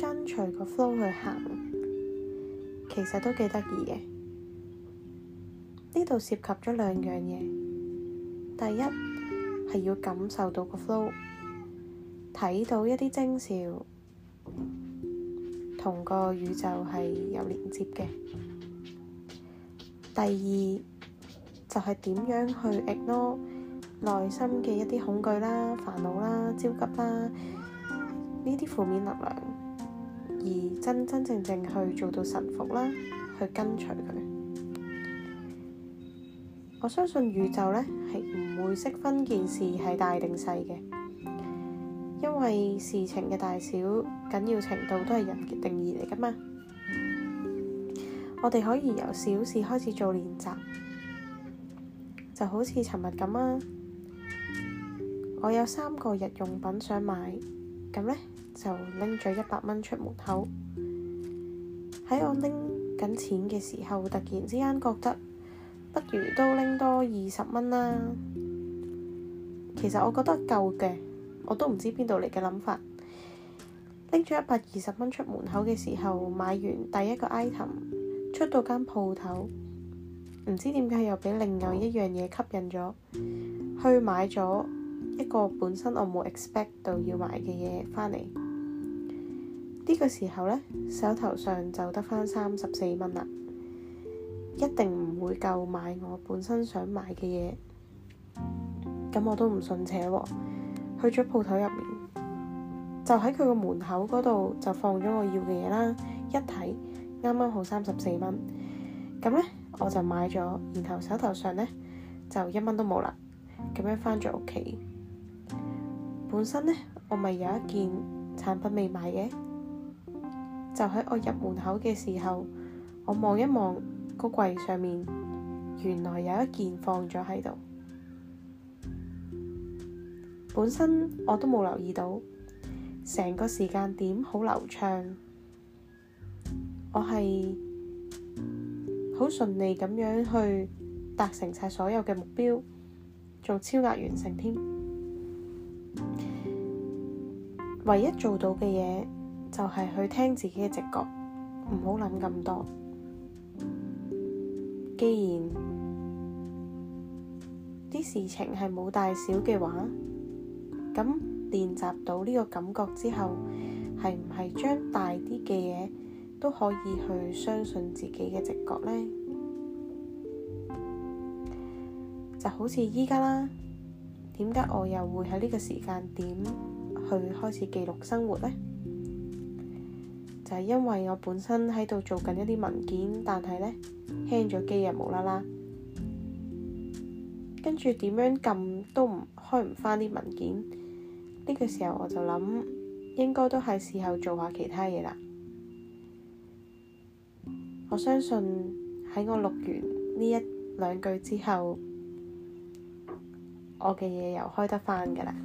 跟隨個 flow 去行，其實都幾得意嘅。呢度涉及咗兩樣嘢。第一係要感受到個 flow，睇到一啲徵兆，同個宇宙係有連接嘅。第二就係、是、點樣去 ignore 內心嘅一啲恐懼啦、煩惱啦、焦急啦呢啲負面能量。而真真正正去做到臣服啦，去跟隨佢。我相信宇宙咧係唔會識分件事係大定細嘅，因為事情嘅大小、緊要程度都係人嘅定義嚟噶嘛。我哋可以由小事開始做練習，就好似尋日咁啊。我有三個日用品想買，咁咧？就拎咗一百蚊出門口，喺我拎緊錢嘅時候，突然之間覺得不如都拎多二十蚊啦。其實我覺得夠嘅，我都唔知邊度嚟嘅諗法。拎咗一百二十蚊出門口嘅時候，買完第一個 item，出到間鋪頭，唔知點解又俾另外一樣嘢吸引咗，去買咗。一個本身我冇 expect 到要買嘅嘢返嚟。呢個時候呢，手頭上就得返三十四蚊啦，一定唔會夠買我本身想買嘅嘢，咁我都唔信邪喎，去咗鋪頭入面，就喺佢個門口嗰度就放咗我要嘅嘢啦，一睇，啱啱好三十四蚊，咁呢，我就買咗，然後手頭上呢，就一蚊都冇啦，咁樣返咗屋企。本身呢，我咪有一件產品未買嘅，就喺我入門口嘅時候，我望一望個櫃上面，原來有一件放咗喺度。本身我都冇留意到，成個時間點好流暢，我係好順利咁樣去達成晒所有嘅目標，做超額完成添。唯一做到嘅嘢就係、是，去聽自己嘅直覺，唔好諗咁多。既然啲事情係冇大小嘅話，咁練習到呢個感覺之後，係唔係將大啲嘅嘢都可以去相信自己嘅直覺呢？就好似而家啦。點解我又會喺呢個時間點去開始記錄生活呢？就係因為我本身喺度做緊一啲文件，但係呢輕咗機啊，冇啦啦，跟住點樣撳都唔開唔返啲文件。呢個時候我就諗，應該都係時候做下其他嘢啦。我相信喺我錄完呢一兩句之後。我嘅嘢又開得翻㗎啦～